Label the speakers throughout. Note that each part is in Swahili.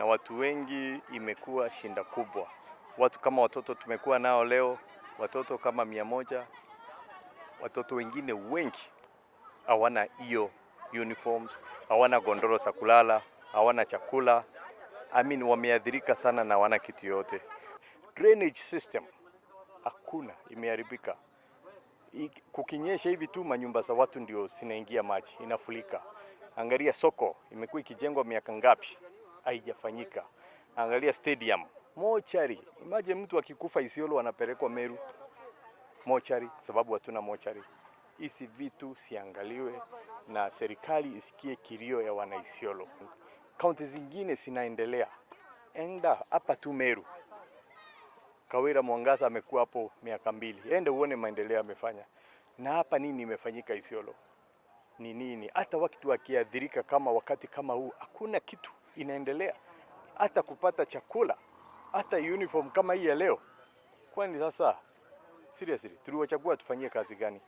Speaker 1: na watu wengi imekuwa shinda kubwa. Watu kama watoto tumekuwa nao leo watoto kama mia moja, watoto wengine wengi hawana hiyo uniforms, hawana gondoro za kulala, hawana chakula. I mean, wameadhirika sana na hawana kitu yote. Drainage system hakuna, imeharibika. Kukinyesha hivi tu manyumba za watu ndio zinaingia maji, inafulika. Angalia soko imekuwa ikijengwa miaka ngapi? haijafanyika. Angalia stadium, mochari. Imagine mtu akikufa Isiolo anapelekwa Meru mochari, sababu hatuna mochari. Hizi vitu siangaliwe na serikali isikie kilio ya wanaisiolo. Kaunti zingine zinaendelea, enda hapa tu Meru, Kawira, Mwangaza amekuwa hapo miaka mbili, ende uone maendeleo amefanya. Na hapa nini imefanyika Isiolo ni nini? Hata wakati wakiadhirika kama wakati kama huu, hakuna kitu inaendelea, hata kupata chakula, hata uniform kama hii ya leo. Kwani sasa seriously tuliwachagua tufanyie kazi gani?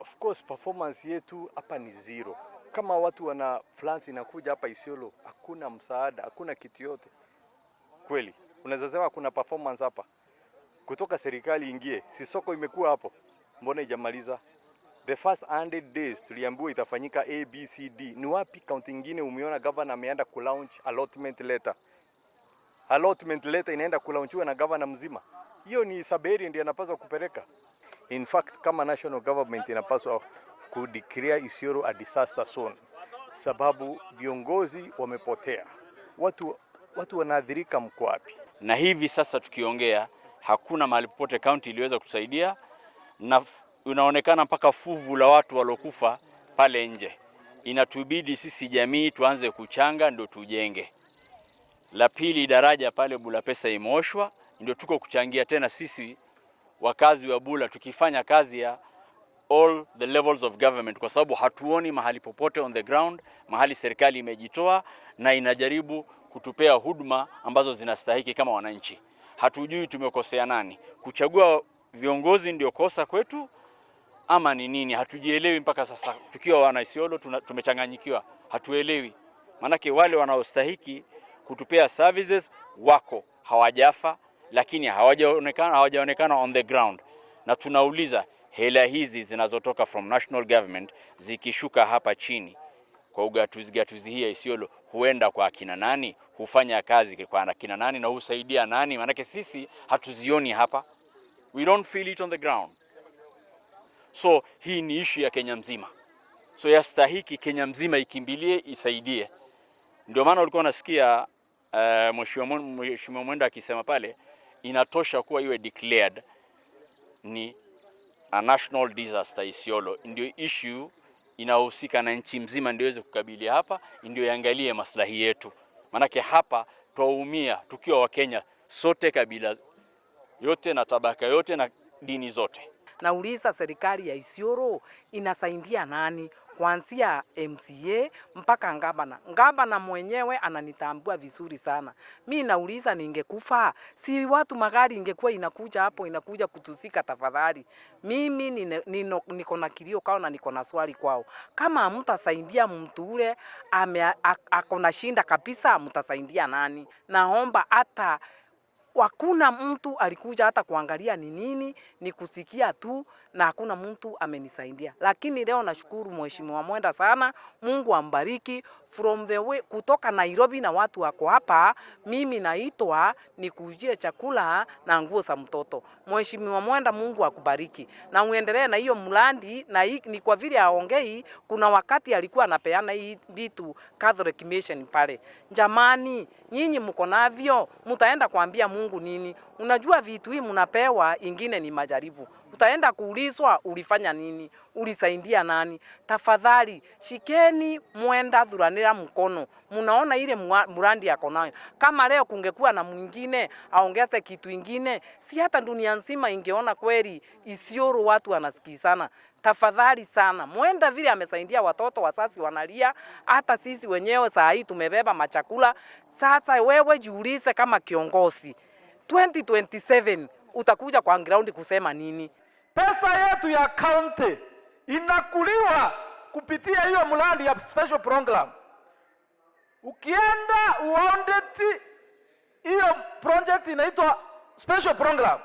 Speaker 1: Of course performance yetu hapa ni zero. Kama watu wana France inakuja hapa Isiolo, hakuna msaada, hakuna kitu yote. Kweli unaweza sema kuna performance hapa kutoka serikali ingie, si soko imekuwa hapo, mbona ijamaliza? The first 100 days tuliambiwa itafanyika ABCD. Ni wapi kaunti nyingine umeona governor ameenda ku launch allotment letter? Allotment letter inaenda kulaunchiwa na governor mzima. Hiyo ni Saberi ndiye anapaswa kupeleka. In fact, kama national government inapaswa ku declare Isiolo a disaster zone, sababu viongozi wamepotea, watu watu wanaathirika. Mko wapi? Na hivi sasa tukiongea, hakuna mahali popote kaunti iliweza kutusaidia na unaonekana mpaka fuvu la watu waliokufa pale nje. Inatubidi sisi jamii tuanze kuchanga ndio tujenge. La pili, daraja pale Bula Pesa imeoshwa, ndio tuko kuchangia tena sisi wakazi wa Bula tukifanya kazi ya all the levels of government, kwa sababu hatuoni mahali popote on the ground mahali serikali imejitoa na inajaribu kutupea huduma ambazo zinastahiki kama wananchi. Hatujui tumekosea nani. Kuchagua viongozi ndio kosa kwetu ama ni nini? Hatujielewi mpaka sasa, tukiwa wana Isiolo tumechanganyikiwa, hatuelewi maanake wale wanaostahiki kutupea services wako hawajafa, lakini hawajaonekana, hawajaonekana on the ground, na tunauliza hela hizi zinazotoka from national government zikishuka hapa chini kwa ugatuzi gatuzi hii ya Isiolo huenda kwa akina nani, hufanya kazi kwa akina nani na husaidia nani? Maanake sisi hatuzioni hapa, we don't feel it on the ground. So hii ni ishu ya Kenya mzima, so yastahiki Kenya mzima ikimbilie isaidie. Ndio maana ulikuwa unasikia uh, mheshimiwa Mwenda akisema pale inatosha kuwa iwe declared ni a national disaster Isiolo, ndio issue inahusika na nchi mzima, ndio iweze kukabilia hapa, ndio iangalie maslahi yetu, maanake hapa twaumia tukiwa Wakenya sote, kabila yote na tabaka yote na dini zote.
Speaker 2: Nauliza, serikali ya Isiolo inasaidia nani? Kuanzia MCA mpaka ngabana. Ngabana mwenyewe ananitambua vizuri sana. Mi nauliza, ningekufa si watu magari ingekuwa inakuja hapo inakuja kutusika. Tafadhali mimi niko na kilio kwao na niko na swali kwao, kama mtasaidia mtu ule akona shinda kabisa, mtasaidia nani? Naomba hata Hakuna mtu alikuja hata kuangalia ni nini, ni kusikia tu, na hakuna mtu amenisaidia. Lakini leo nashukuru Mheshimiwa Mwenda sana, Mungu ambariki from the way, kutoka Nairobi na watu wako hapa, mimi naitwa nikujie chakula na nguo za mtoto. Mheshimiwa Mwenda, Mungu akubariki na uendelee na hiyo mlandi na hii, ni kwa vile aongei, kuna wakati alikuwa anapeana hii vitu Catholic Mission pale. Jamani, nyinyi mko navyo, mtaenda kuambia Mungu Mungu nini? Unajua vitu hii mnapewa, ingine ni majaribu. Utaenda kuulizwa ulifanya nini, ulisaidia nani. Tafadhali shikeni mwenda dhuranira mkono, mnaona ile murandi yako nayo. Kama leo kungekuwa na mwingine aongeze kitu ingine, si hata dunia nzima ingeona kweli Isiolo watu wanasikizana. Tafadhali sana, mwenda vile amesaidia watoto, wasasi wanalia, hata sisi wenyewe saa hii tumebeba machakula. Sasa wewe jiulize kama kiongozi. 2027 utakuja kwa ground kusema nini?
Speaker 3: Pesa yetu ya county inakuliwa kupitia hiyo mradi ya special program. Ukienda uaudit hiyo project inaitwa special program,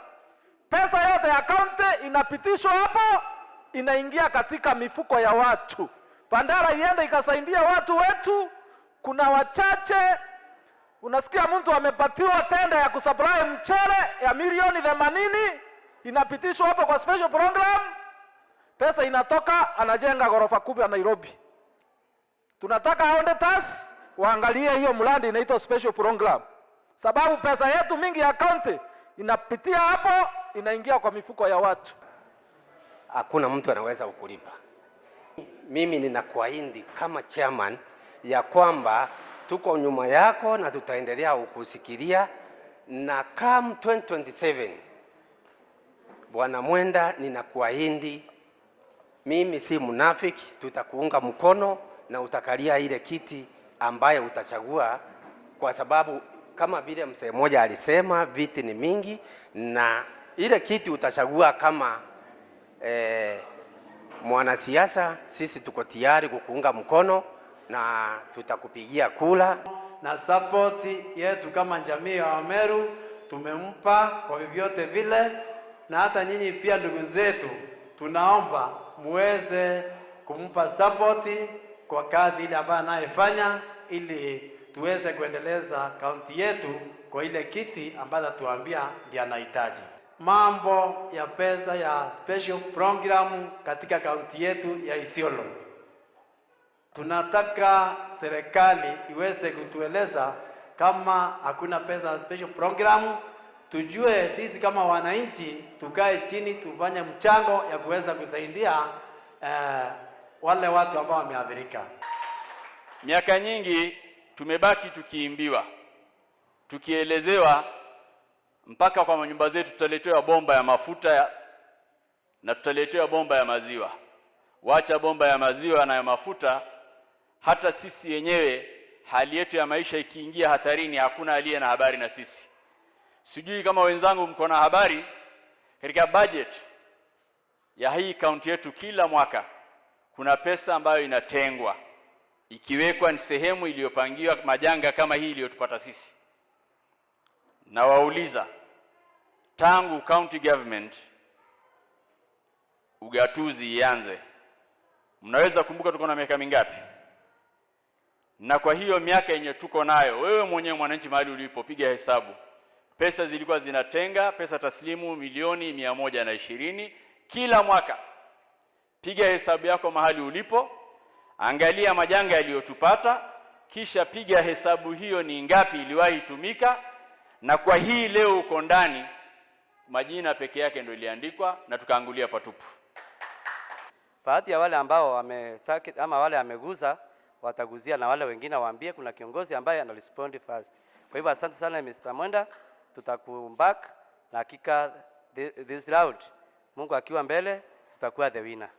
Speaker 3: pesa yote ya county inapitishwa hapo, inaingia katika mifuko ya watu. Bandari iende ikasaidia watu wetu, kuna wachache Unasikia mtu amepatiwa tenda ya kusupply mchele ya milioni themanini inapitishwa hapo kwa special program, pesa inatoka, anajenga ghorofa kubwa Nairobi. Tunataka auditas waangalie hiyo mradi, inaitwa special program, sababu pesa yetu mingi ya county inapitia hapo, inaingia kwa mifuko ya watu,
Speaker 4: hakuna mtu anaweza kukulipa. Mimi ninakuahidi kama chairman ya kwamba tuko nyuma yako na tutaendelea kukusikilia, na kam 2027 Bwana Mwenda, ninakuahidi mimi si mnafiki, tutakuunga mkono na utakalia ile kiti ambaye utachagua, kwa sababu kama vile msee mmoja alisema viti ni mingi, na ile kiti utachagua kama eh, mwanasiasa, sisi tuko tayari kukuunga mkono na tutakupigia kula
Speaker 5: na support yetu kama jamii ya Wameru tumempa kwa vyovyote vile, na hata nyinyi pia ndugu zetu, tunaomba muweze kumpa support kwa kazi ile ambayo anayefanya, ili tuweze kuendeleza kaunti yetu kwa ile kiti ambayo tuambia ndiyo anahitaji. Mambo ya pesa ya special program katika kaunti yetu ya Isiolo tunataka serikali iweze kutueleza kama hakuna pesa special program, tujue sisi kama wananchi, tukae chini tufanye mchango ya kuweza kusaidia eh, wale watu ambao wameathirika.
Speaker 6: Miaka nyingi tumebaki tukiimbiwa, tukielezewa mpaka kwa nyumba zetu tutaletewa bomba ya mafuta ya, na tutaletewa bomba ya maziwa. Wacha bomba ya maziwa na ya mafuta hata sisi yenyewe hali yetu ya maisha ikiingia hatarini, hakuna aliye na habari na sisi. Sijui kama wenzangu mko na habari, katika budget ya hii kaunti yetu kila mwaka kuna pesa ambayo inatengwa ikiwekwa, ni sehemu iliyopangiwa majanga kama hii iliyotupata sisi. Nawauliza, tangu county government ugatuzi ianze, mnaweza kumbuka tuko na miaka mingapi? na kwa hiyo miaka yenye tuko nayo, wewe mwenyewe mwananchi, mahali ulipopiga hesabu, pesa zilikuwa zinatenga pesa taslimu milioni mia moja na ishirini kila mwaka. Piga hesabu yako mahali ulipo, angalia majanga yaliyotupata, kisha piga hesabu hiyo ni ngapi iliwahi tumika, na kwa hii leo uko ndani, majina peke yake ndio iliandikwa na tukaangulia patupu.
Speaker 7: Baadhi ya wale ambao wametaki ama wale ameguza wataguzia na wale wengine waambie kuna kiongozi ambaye ana respond fast. Kwa hivyo asante sana Mr. Mwenda, tutakuback na hakika this round Mungu akiwa mbele tutakuwa the winner.